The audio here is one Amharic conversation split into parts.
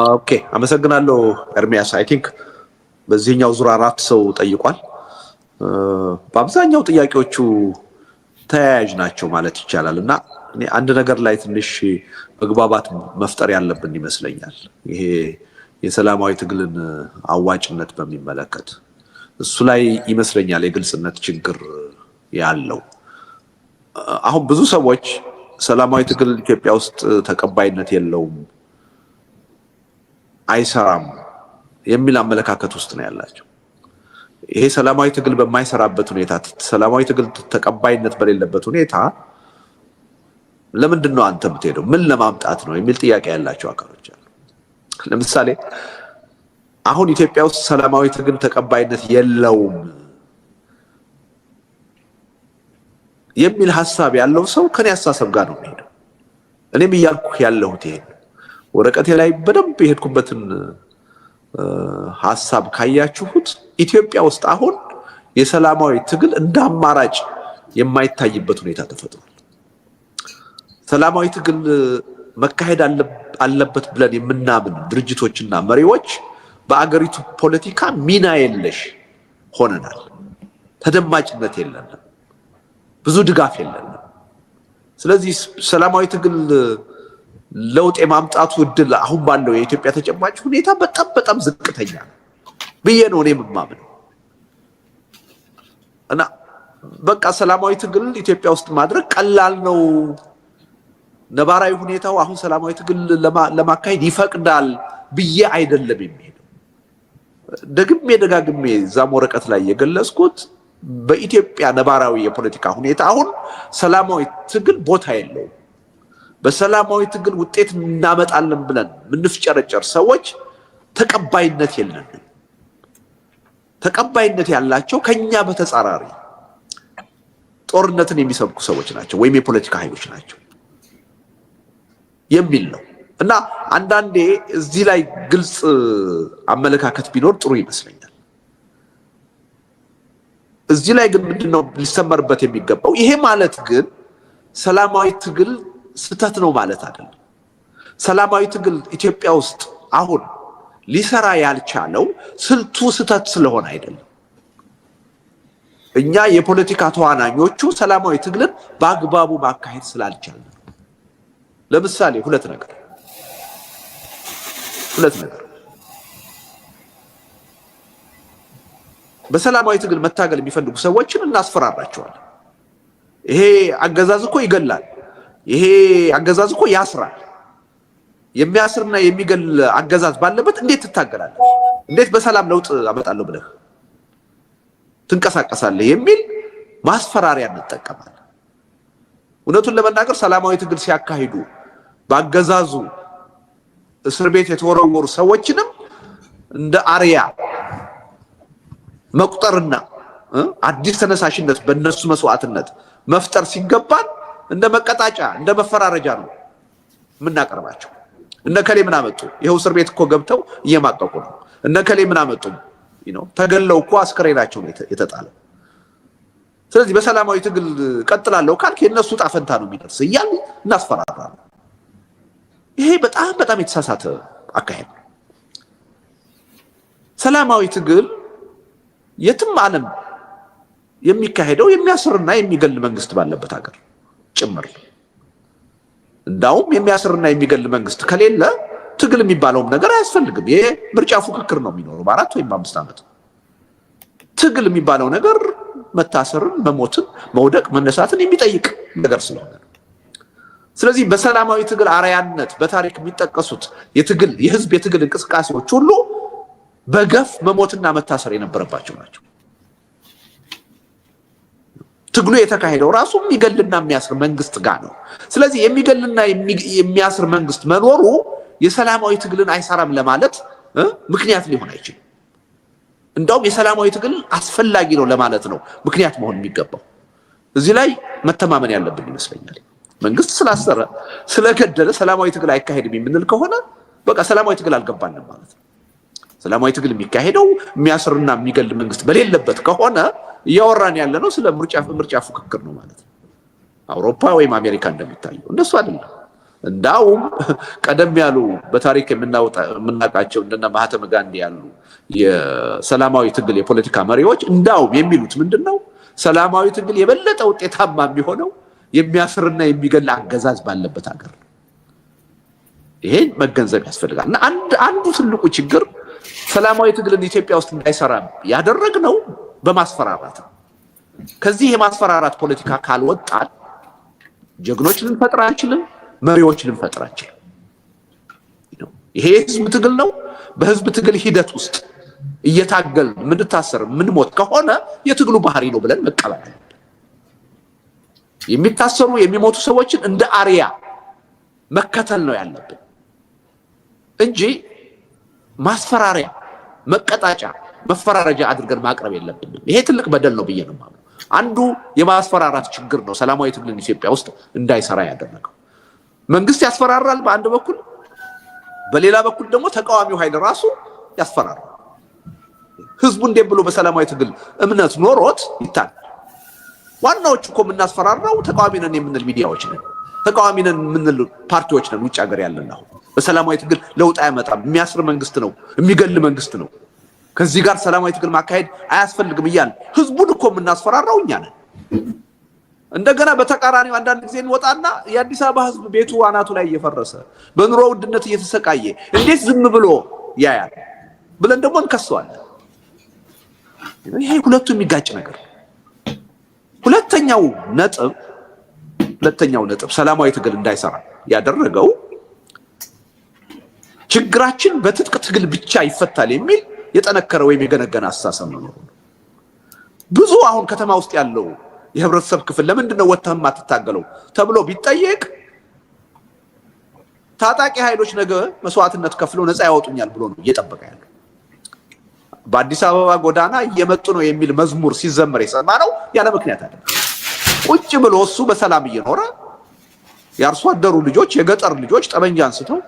ኦኬ አመሰግናለሁ ኤርሚያስ። አይ ቲንክ በዚህኛው ዙር አራት ሰው ጠይቋል። በአብዛኛው ጥያቄዎቹ ተያያዥ ናቸው ማለት ይቻላል እና እኔ አንድ ነገር ላይ ትንሽ መግባባት መፍጠር ያለብን ይመስለኛል። ይሄ የሰላማዊ ትግልን አዋጭነት በሚመለከት እሱ ላይ ይመስለኛል የግልጽነት ችግር ያለው። አሁን ብዙ ሰዎች ሰላማዊ ትግል ኢትዮጵያ ውስጥ ተቀባይነት የለውም አይሰራም የሚል አመለካከት ውስጥ ነው ያላቸው። ይሄ ሰላማዊ ትግል በማይሰራበት ሁኔታ፣ ሰላማዊ ትግል ተቀባይነት በሌለበት ሁኔታ ለምንድን ነው አንተ የምትሄደው? ምን ለማምጣት ነው የሚል ጥያቄ ያላቸው አካሎች አሉ። ለምሳሌ አሁን ኢትዮጵያ ውስጥ ሰላማዊ ትግል ተቀባይነት የለውም የሚል ሀሳብ ያለው ሰው ከኔ አስተሳሰብ ጋር ነው የሚሄደው። እኔም እያልኩ ያለሁት ይሄ ወረቀቴ ላይ በደንብ የሄድኩበትን ሀሳብ ካያችሁት ኢትዮጵያ ውስጥ አሁን የሰላማዊ ትግል እንደ አማራጭ የማይታይበት ሁኔታ ተፈጥሯል። ሰላማዊ ትግል መካሄድ አለበት ብለን የምናምን ድርጅቶችና መሪዎች በአገሪቱ ፖለቲካ ሚና የለሽ ሆነናል። ተደማጭነት የለንም፣ ብዙ ድጋፍ የለንም። ስለዚህ ሰላማዊ ትግል ለውጥ የማምጣቱ እድል አሁን ባለው የኢትዮጵያ ተጨማጭ ሁኔታ በጣም በጣም ዝቅተኛ ነው ብዬ ነው እኔ የምማምነው እና በቃ ሰላማዊ ትግል ኢትዮጵያ ውስጥ ማድረግ ቀላል ነው። ነባራዊ ሁኔታው አሁን ሰላማዊ ትግል ለማካሄድ ይፈቅዳል ብዬ አይደለም የሚሄደው። ደግሜ ደጋግሜ እዛም ወረቀት ላይ የገለጽኩት በኢትዮጵያ ነባራዊ የፖለቲካ ሁኔታ አሁን ሰላማዊ ትግል ቦታ የለውም። በሰላማዊ ትግል ውጤት እናመጣለን ብለን ምንፍጨረጨር ሰዎች ተቀባይነት የለንም። ተቀባይነት ያላቸው ከኛ በተጻራሪ ጦርነትን የሚሰብኩ ሰዎች ናቸው ወይም የፖለቲካ ኃይሎች ናቸው የሚል ነው እና አንዳንዴ እዚህ ላይ ግልጽ አመለካከት ቢኖር ጥሩ ይመስለኛል። እዚህ ላይ ግን ምንድነው ሊሰመርበት የሚገባው? ይሄ ማለት ግን ሰላማዊ ትግል ስህተት ነው ማለት አይደለም። ሰላማዊ ትግል ኢትዮጵያ ውስጥ አሁን ሊሰራ ያልቻለው ስልቱ ስህተት ስለሆነ አይደለም። እኛ የፖለቲካ ተዋናኞቹ ሰላማዊ ትግልን በአግባቡ ማካሄድ ስላልቻለ ለምሳሌ ሁለት ነገር ሁለት ነገር በሰላማዊ ትግል መታገል የሚፈልጉ ሰዎችን እናስፈራራቸዋለን። ይሄ አገዛዝ እኮ ይገላል ይሄ አገዛዝ እኮ ያስራል። የሚያስርና የሚገል አገዛዝ ባለበት እንዴት ትታገላለህ? እንዴት በሰላም ለውጥ አመጣለሁ ብለህ ትንቀሳቀሳለህ? የሚል ማስፈራሪያ እንጠቀማለን። እውነቱን ለመናገር ሰላማዊ ትግል ሲያካሂዱ በአገዛዙ እስር ቤት የተወረወሩ ሰዎችንም እንደ አርያ መቁጠርና አዲስ ተነሳሽነት በእነሱ መስዋዕትነት መፍጠር ሲገባን እንደ መቀጣጫ እንደ መፈራረጃ ነው የምናቀርባቸው። እነከሌ ምን አመጡ? ይኸው እስር ቤት እኮ ገብተው እየማቀቁ ነው። እነከሌ ምን አመጡ? ተገለው እኮ አስከሬናቸው ነው የተጣለው። ስለዚህ በሰላማዊ ትግል ቀጥላለሁ ካልክ የእነሱ ጣፈንታ ነው የሚደርስ እያሉ እናስፈራራለን። ይሄ በጣም በጣም የተሳሳተ አካሄድ ነው። ሰላማዊ ትግል የትም ዓለም የሚካሄደው የሚያስርና የሚገል መንግስት ባለበት ሀገር ጭምር እንዳውም የሚያስርና የሚገል መንግስት ከሌለ ትግል የሚባለውም ነገር አያስፈልግም። ይሄ ምርጫ ፉክክር ነው የሚኖረው በአራት ወይም በአምስት ዓመት። ትግል የሚባለው ነገር መታሰርን፣ መሞትን፣ መውደቅ፣ መነሳትን የሚጠይቅ ነገር ስለሆነ ስለዚህ በሰላማዊ ትግል አርያነት በታሪክ የሚጠቀሱት የትግል የህዝብ የትግል እንቅስቃሴዎች ሁሉ በገፍ መሞትና መታሰር የነበረባቸው ናቸው። ትግሉ የተካሄደው ራሱ የሚገልና የሚያስር መንግስት ጋር ነው። ስለዚህ የሚገልና የሚያስር መንግስት መኖሩ የሰላማዊ ትግልን አይሰራም ለማለት ምክንያት ሊሆን አይችልም። እንደውም የሰላማዊ ትግል አስፈላጊ ነው ለማለት ነው ምክንያት መሆን የሚገባው። እዚህ ላይ መተማመን ያለብን ይመስለኛል። መንግስት ስላሰረ ስለገደለ ሰላማዊ ትግል አይካሄድም የምንል ከሆነ በቃ ሰላማዊ ትግል አልገባንም ማለት ነው። ሰላማዊ ትግል የሚካሄደው የሚያስርና የሚገል መንግስት በሌለበት ከሆነ እያወራን ያለ ነው ስለ ምርጫ ፉክክር ነው ማለት ነው። አውሮፓ ወይም አሜሪካ እንደሚታየው እንደሱ አይደለም። እንዳውም ቀደም ያሉ በታሪክ የምናውቃቸው እንደነ ማህተመ ጋንዲ ያሉ የሰላማዊ ትግል የፖለቲካ መሪዎች እንዳውም የሚሉት ምንድን ነው? ሰላማዊ ትግል የበለጠ ውጤታማ የሚሆነው የሚያስርና የሚገል አገዛዝ ባለበት ሀገር ነው። ይሄን መገንዘብ ያስፈልጋል። እና አንዱ ትልቁ ችግር ሰላማዊ ትግልን ኢትዮጵያ ውስጥ እንዳይሰራ ያደረግ ነው በማስፈራራት ከዚህ የማስፈራራት ፖለቲካ ካልወጣን ጀግኖች ልንፈጥር አንችልም፣ መሪዎች ልንፈጥር አንችልም። ይሄ የህዝብ ትግል ነው። በህዝብ ትግል ሂደት ውስጥ እየታገል ምንታሰር ምንሞት ከሆነ የትግሉ ባህሪ ነው ብለን መቀበል የሚታሰሩ የሚሞቱ ሰዎችን እንደ አሪያ መከተል ነው ያለብን እንጂ ማስፈራሪያ መቀጣጫ መፈራረጃ አድርገን ማቅረብ የለብንም። ይሄ ትልቅ በደል ነው ብዬ ነው አንዱ የማስፈራራት ችግር ነው ሰላማዊ ትግልን ኢትዮጵያ ውስጥ እንዳይሰራ ያደረገው። መንግስት ያስፈራራል በአንድ በኩል፣ በሌላ በኩል ደግሞ ተቃዋሚው ኃይል ራሱ ያስፈራራል። ህዝቡ እንዴት ብሎ በሰላማዊ ትግል እምነት ኖሮት ይታል። ዋናዎቹ እኮ የምናስፈራራው ተቃዋሚ ነን የምንል ሚዲያዎች ነን፣ ተቃዋሚ ነን የምንል ፓርቲዎች ነን። ውጭ ሀገር ያለን አሁን በሰላማዊ ትግል ለውጥ አያመጣም የሚያስር መንግስት ነው የሚገል መንግስት ነው ከዚህ ጋር ሰላማዊ ትግል ማካሄድ አያስፈልግም እያል ህዝቡን እኮ የምናስፈራራው እኛ ነን። እንደገና በተቃራኒው አንዳንድ ጊዜ እንወጣና የአዲስ አበባ ህዝብ ቤቱ አናቱ ላይ እየፈረሰ በኑሮ ውድነት እየተሰቃየ እንዴት ዝም ብሎ ያያል ብለን ደግሞ እንከሰዋለን። ይሄ ሁለቱ የሚጋጭ ነገር። ሁለተኛው ነጥብ ሁለተኛው ነጥብ ሰላማዊ ትግል እንዳይሰራ ያደረገው ችግራችን በትጥቅ ትግል ብቻ ይፈታል የሚል የጠነከረ ወይም የገነገነ አስተሳሰብ መኖሩ ብዙ አሁን ከተማ ውስጥ ያለው የህብረተሰብ ክፍል ለምንድን ነው ወጥተህ የማትታገለው ተብሎ ቢጠየቅ ታጣቂ ኃይሎች ነገ መስዋዕትነት ከፍለው ነፃ ያወጡኛል ብሎ ነው እየጠበቀ ያለ። በአዲስ አበባ ጎዳና እየመጡ ነው የሚል መዝሙር ሲዘመር የሰማ ነው ያለ ምክንያት አለ። ቁጭ ብሎ እሱ በሰላም እየኖረ የአርሶ አደሩ ልጆች የገጠር ልጆች ጠመንጃ አንስተው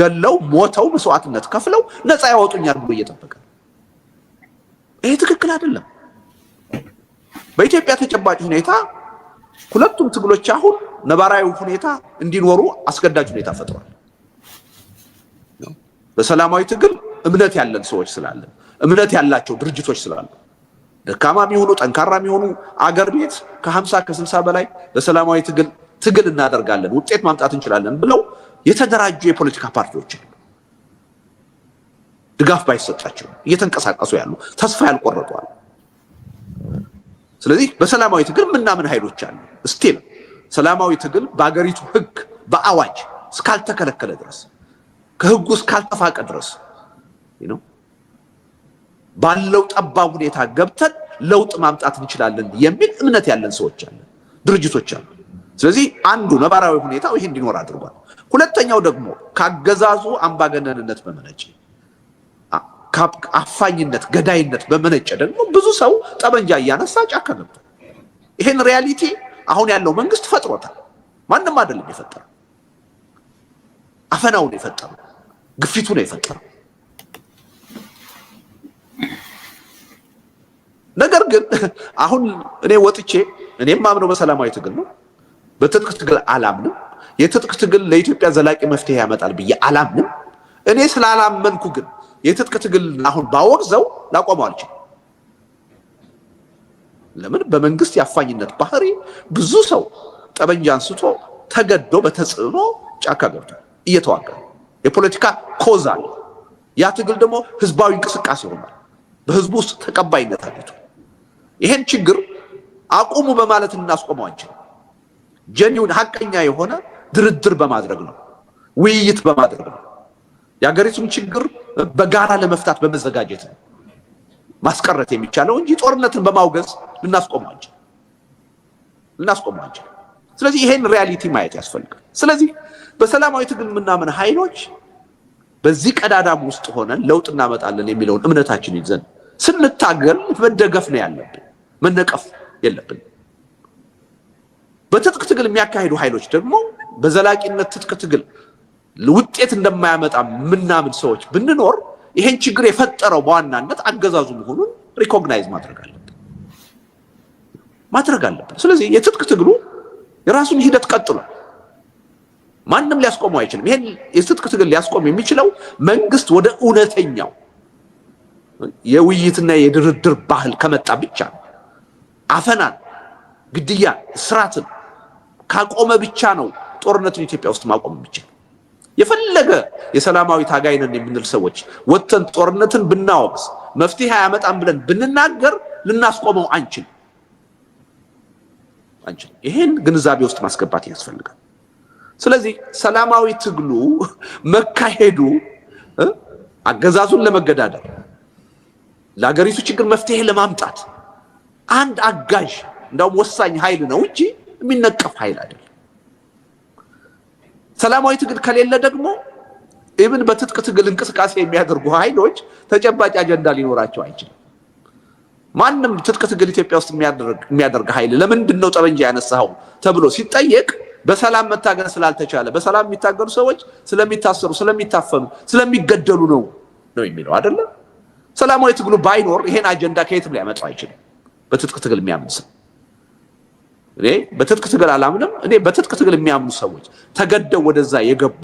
ገለው ሞተው መስዋዕትነት ከፍለው ነፃ ያወጡኛል ብሎ እየጠበቀ ይሄ ትክክል አይደለም። በኢትዮጵያ ተጨባጭ ሁኔታ ሁለቱም ትግሎች አሁን ነባራዊ ሁኔታ እንዲኖሩ አስገዳጅ ሁኔታ ፈጥሯል። በሰላማዊ ትግል እምነት ያለን ሰዎች ስላለ እምነት ያላቸው ድርጅቶች ስላሉ ደካማ የሚሆኑ ጠንካራ የሚሆኑ አገር ቤት ከሀምሳ ከስልሳ በላይ በሰላማዊ ትግል ትግል እናደርጋለን ውጤት ማምጣት እንችላለን ብለው የተደራጁ የፖለቲካ ፓርቲዎች ድጋፍ ባይሰጣቸው እየተንቀሳቀሱ ያሉ ተስፋ ያልቆረጡ ስለዚህ በሰላማዊ ትግል ምናምን ኃይሎች አሉ። ስቲል ሰላማዊ ትግል በአገሪቱ ህግ በአዋጅ እስካልተከለከለ ድረስ ከህጉ እስካልተፋቀ ድረስ ባለው ጠባብ ሁኔታ ገብተን ለውጥ ማምጣት እንችላለን የሚል እምነት ያለን ሰዎች አለን፣ ድርጅቶች አሉ። ስለዚህ አንዱ ነባራዊ ሁኔታው ይሄ እንዲኖር አድርጓል። ሁለተኛው ደግሞ ካገዛዙ አምባገነንነት በመነጨ አፋኝነት፣ ገዳይነት በመነጨ ደግሞ ብዙ ሰው ጠመንጃ እያነሳ ጫካ ነበር። ይሄን ሪያሊቲ አሁን ያለው መንግስት ፈጥሮታል። ማንም አይደለም የፈጠረው፣ አፈናው ነው የፈጠረው፣ ግፊቱ ነው የፈጠረው። ነገር ግን አሁን እኔ ወጥቼ እኔም ማምነው በሰላማዊ ትግል ነው በትጥቅ ትግል አላምንም። የትጥቅ ትግል ለኢትዮጵያ ዘላቂ መፍትሄ ያመጣል ብዬ አላምንም። እኔ ስላላመንኩ ግን የትጥቅ ትግል አሁን ባወግዘው ላቆመው አልችል። ለምን? በመንግስት የአፋኝነት ባህሪ ብዙ ሰው ጠመንጃ አንስቶ ተገዶ በተጽዕኖ ጫካ ገብቷል፣ እየተዋጋ የፖለቲካ ኮዝ አለ። ያ ትግል ደግሞ ህዝባዊ እንቅስቃሴ ሆኗል፣ በህዝቡ ውስጥ ተቀባይነት አግኝቷል። ይሄን ችግር አቁሙ በማለት እናስቆመው አንችል ጀኒውን ሀቀኛ የሆነ ድርድር በማድረግ ነው፣ ውይይት በማድረግ ነው። የሀገሪቱን ችግር በጋራ ለመፍታት በመዘጋጀት ነው ማስቀረት የሚቻለው እንጂ ጦርነትን በማውገዝ ልናስቆመው አንችል ስለዚህ ይሄን ሪያሊቲ ማየት ያስፈልጋል። ስለዚህ በሰላማዊ ትግል የምናምን ኃይሎች በዚህ ቀዳዳም ውስጥ ሆነን ለውጥ እናመጣለን የሚለውን እምነታችን ይዘን ስንታገል መደገፍ ነው ያለብን፣ መነቀፍ የለብን። በትጥቅ ትግል የሚያካሂዱ ኃይሎች ደግሞ በዘላቂነት ትጥቅ ትግል ውጤት እንደማያመጣ ምናምን ሰዎች ብንኖር ይሄን ችግር የፈጠረው በዋናነት አገዛዙ መሆኑን ሪኮግናይዝ ማድረግ አለብን ማድረግ አለብን። ስለዚህ የትጥቅ ትግሉ የራሱን ሂደት ቀጥሏል። ማንም ሊያስቆመው አይችልም። ይሄን የትጥቅ ትግል ሊያስቆም የሚችለው መንግስት ወደ እውነተኛው የውይይትና የድርድር ባህል ከመጣ ብቻ ነው። አፈናን፣ ግድያን፣ እስራትን ካቆመ ብቻ ነው ጦርነትን ኢትዮጵያ ውስጥ ማቆም የሚችል። የፈለገ የሰላማዊ ታጋይ ነን የምንል ሰዎች ወጥተን ጦርነትን ብናወቅስ መፍትሄ አያመጣም ብለን ብንናገር ልናስቆመው አንችል አንችል። ይሄን ግንዛቤ ውስጥ ማስገባት ያስፈልጋል። ስለዚህ ሰላማዊ ትግሉ መካሄዱ አገዛዙን ለመገዳደር ለሀገሪቱ ችግር መፍትሄ ለማምጣት አንድ አጋዥ እንዳውም ወሳኝ ኃይል ነው እንጂ የሚነቀፍ ኃይል አይደለም። ሰላማዊ ትግል ከሌለ ደግሞ ኢብን በትጥቅ ትግል እንቅስቃሴ የሚያደርጉ ኃይሎች ተጨባጭ አጀንዳ ሊኖራቸው አይችልም። ማንም ትጥቅ ትግል ኢትዮጵያ ውስጥ የሚያደርግ ኃይል ለምንድን ነው ጠበንጃ ያነሳው ተብሎ ሲጠየቅ በሰላም መታገል ስላልተቻለ፣ በሰላም የሚታገሉ ሰዎች ስለሚታሰሩ፣ ስለሚታፈኑ፣ ስለሚገደሉ ነው ነው የሚለው አይደለም። ሰላማዊ ትግሉ ባይኖር ይሄን አጀንዳ ከየትም ሊያመጣው አይችልም። በትጥቅ ትግል የሚያምን ሰው እኔ በትጥቅ ትግል አላምንም። እኔ በትጥቅ ትግል የሚያምኑ ሰዎች ተገደው ወደዛ የገቡ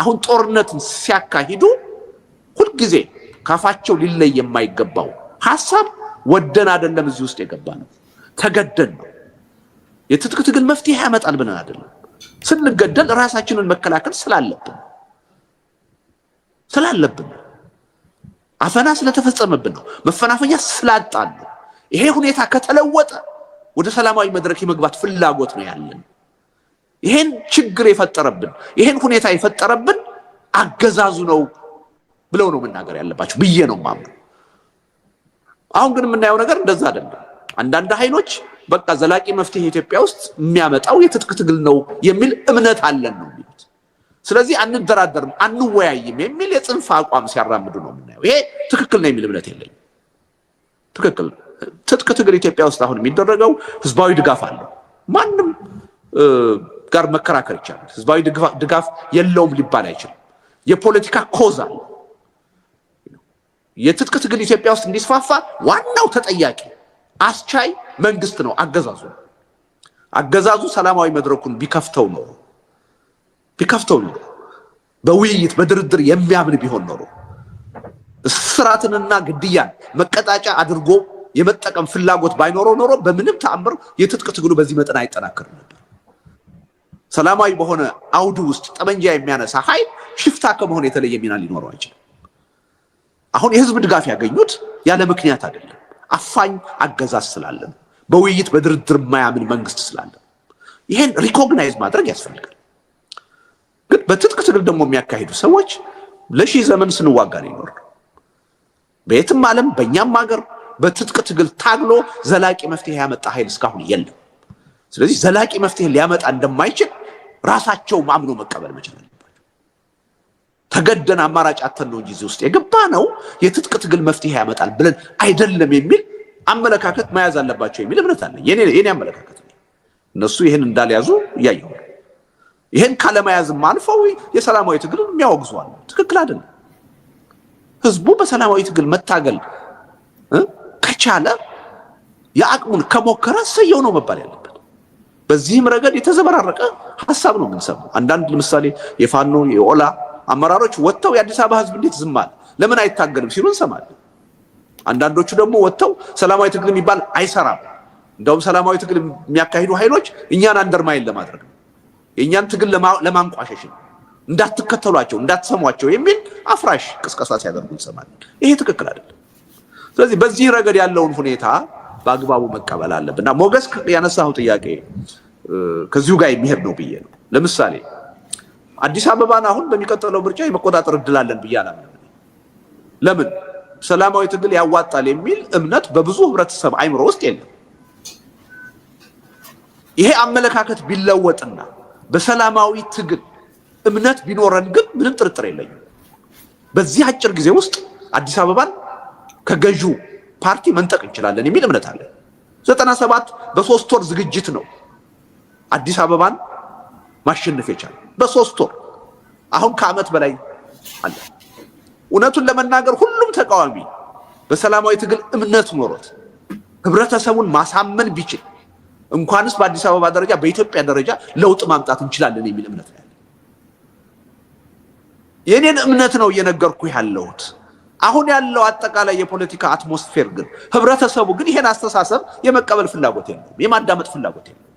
አሁን ጦርነትን ሲያካሂዱ ሁልጊዜ ካፋቸው ሊለይ የማይገባው ሀሳብ ወደን አይደለም እዚህ ውስጥ የገባ ነው፣ ተገደን ነው። የትጥቅ ትግል መፍትሄ ያመጣል ብለን አይደለም። ስንገደል ራሳችንን መከላከል ስላለብን ስላለብን አፈና ስለተፈጸመብን ነው፣ መፈናፈኛ ስላጣን ነው። ይሄ ሁኔታ ከተለወጠ ወደ ሰላማዊ መድረክ የመግባት ፍላጎት ነው ያለን። ይሄን ችግር የፈጠረብን ይሄን ሁኔታ የፈጠረብን አገዛዙ ነው ብለው ነው መናገር ያለባቸው ብዬ ነው ማምኑ። አሁን ግን የምናየው ነገር እንደዛ አይደለም። አንዳንድ ኃይሎች በቃ ዘላቂ መፍትሄ ኢትዮጵያ ውስጥ የሚያመጣው የትጥቅ ትግል ነው የሚል እምነት አለን ነው የሚሉት። ስለዚህ አንደራደርም፣ አንወያይም የሚል የጽንፍ አቋም ሲያራምዱ ነው የምናየው። ይሄ ትክክል ነው የሚል እምነት የለኝም። ትክክል ነው። ትጥቅ ትግል ኢትዮጵያ ውስጥ አሁን የሚደረገው ህዝባዊ ድጋፍ አለው። ማንም ጋር መከራከር ይቻላል። ህዝባዊ ድጋፍ የለውም ሊባል አይችልም። የፖለቲካ ኮዝ አለ። የትጥቅ ትግል ኢትዮጵያ ውስጥ እንዲስፋፋ ዋናው ተጠያቂ አስቻይ መንግስት ነው፣ አገዛዙ ነው። አገዛዙ ሰላማዊ መድረኩን ቢከፍተው ኖሮ ቢከፍተው ኖሮ በውይይት በድርድር የሚያምን ቢሆን ኖሮ እስራትንና ግድያን መቀጣጫ አድርጎ የመጠቀም ፍላጎት ባይኖረው ኖሮ በምንም ተአምር የትጥቅ ትግሉ በዚህ መጠን አይጠናከርም ነበር። ሰላማዊ በሆነ አውድ ውስጥ ጠመንጃ የሚያነሳ ኃይል ሽፍታ ከመሆን የተለየ ሚና ሊኖረው አይችልም። አሁን የህዝብ ድጋፍ ያገኙት ያለ ምክንያት አይደለም። አፋኝ አገዛዝ ስላለን፣ በውይይት በድርድር የማያምን መንግስት ስላለን ይህን ሪኮግናይዝ ማድረግ ያስፈልጋል። ግን በትጥቅ ትግል ደግሞ የሚያካሂዱ ሰዎች ለሺህ ዘመን ስንዋጋ ነው ይኖር በየትም ዓለም በእኛም ሀገር በትጥቅ ትግል ታግሎ ዘላቂ መፍትሄ ያመጣ ኃይል እስካሁን የለም። ስለዚህ ዘላቂ መፍትሄ ሊያመጣ እንደማይችል ራሳቸው አምኖ መቀበል መቻል አለባቸው። ተገደን አማራጭ አተን ነው እንጂ እዚህ ውስጥ የገባ ነው የትጥቅ ትግል መፍትሄ ያመጣል ብለን አይደለም የሚል አመለካከት መያዝ አለባቸው የሚል እምነት አለ። የኔ አመለካከት እነሱ ይህን እንዳልያዙ እያየሁ ይህን ካለመያዝም አልፈው የሰላማዊ ትግል የሚያወግዙ ትክክል አይደለም። ህዝቡ በሰላማዊ ትግል መታገል ከቻለ የአቅሙን ከሞከረ ሰየው ነው መባል ያለበት። በዚህም ረገድ የተዘበራረቀ ሀሳብ ነው የምንሰማው። አንዳንድ ለምሳሌ የፋኖ የኦላ አመራሮች ወጥተው የአዲስ አበባ ህዝብ እንዴት ዝም አለ ለምን አይታገልም ሲሉ እንሰማለን። አንዳንዶቹ ደግሞ ወጥተው ሰላማዊ ትግል የሚባል አይሰራም፣ እንደውም ሰላማዊ ትግል የሚያካሂዱ ኃይሎች እኛን አንደርማይን ለማድረግ ነው፣ የእኛን ትግል ለማንቋሸሽ ነው፣ እንዳትከተሏቸው፣ እንዳትሰሟቸው የሚል አፍራሽ ቅስቀሳ ሲያደርጉ እንሰማለን። ይሄ ትክክል አይደለም። ስለዚህ በዚህ ረገድ ያለውን ሁኔታ በአግባቡ መቀበል አለብን እና ሞገስ ያነሳው ጥያቄ ከዚሁ ጋር የሚሄድ ነው ብዬ ነው። ለምሳሌ አዲስ አበባን አሁን በሚቀጥለው ምርጫ የመቆጣጠር እድላለን አለን ብዬ አላምንም። ለምን ሰላማዊ ትግል ያዋጣል የሚል እምነት በብዙ ህብረተሰብ አይምሮ ውስጥ የለም። ይሄ አመለካከት ቢለወጥና በሰላማዊ ትግል እምነት ቢኖረን ግን ምንም ጥርጥር የለኝም በዚህ አጭር ጊዜ ውስጥ አዲስ አበባን ከገዢው ፓርቲ መንጠቅ እንችላለን የሚል እምነት አለ። ዘጠና ሰባት በሶስት ወር ዝግጅት ነው አዲስ አበባን ማሸነፍ የቻለ በሶስት ወር። አሁን ከአመት በላይ አለ። እውነቱን ለመናገር ሁሉም ተቃዋሚ በሰላማዊ ትግል እምነት ኖሮት ህብረተሰቡን ማሳመን ቢችል እንኳንስ በአዲስ አበባ ደረጃ በኢትዮጵያ ደረጃ ለውጥ ማምጣት እንችላለን የሚል እምነት ነው ያለ። እምነት ነው እየነገርኩ ያለሁት። አሁን ያለው አጠቃላይ የፖለቲካ አትሞስፌር ግን ህብረተሰቡ ግን ይሄን አስተሳሰብ የመቀበል ፍላጎት የለውም፣ የማዳመጥ ፍላጎት የለውም።